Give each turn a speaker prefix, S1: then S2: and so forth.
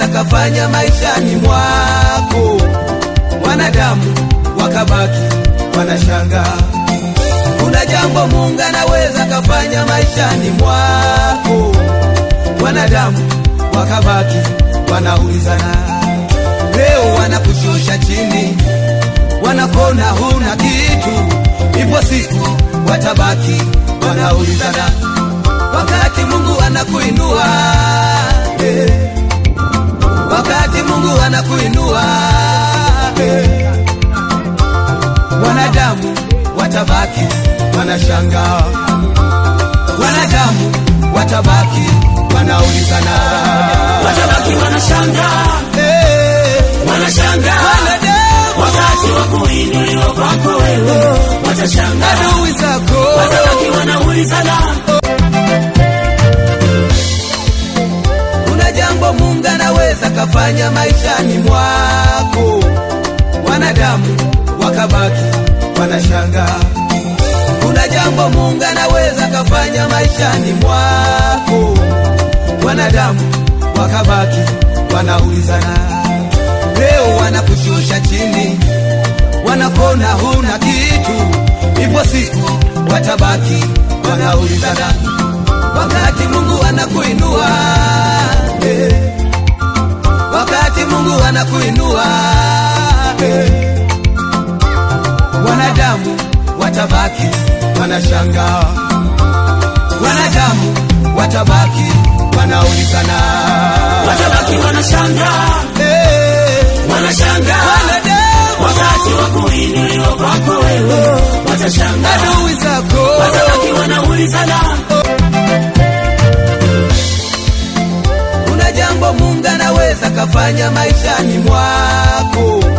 S1: watakafanya maishani mwako. Wanadamu wakabaki wanashanga, kuna jambo Mungu anaweza kafanya maishani mwako. Wanadamu wakabaki wanaulizana, leo wanakushusha chini, wanakona huna kitu. Ipo siku watabaki wanaulizana, wakati Mungu anakuinua wanakuinua hey. Wanadamu watabaki wanashangaa, wanadamu watabaki wanaulizana,
S2: watabaki wanashangaa, hey. wanashangaa wakati wa kuinuliwa
S1: yakafanya maishani mwako, wanadamu wakabaki wanashanga. Kuna jambo Mungu anaweza kafanya maishani mwako, wanadamu wakabaki wanaulizana. Leo wanakushusha chini, wanakona huna kitu, ipo siku watabaki wanaulizana, wakati Mungu anakuinua kuinua eh. Wanadamu watabaki wanashangaa, wanadamu watabaki wanaulizana,
S2: watabaki wanashanga hey. Eh. Wanashangaa wakati wa kuinuliwa kwako wewe, watashanga
S1: adui zako
S2: watabaki wanaulizana
S1: unaweza kafanya maishani mwako.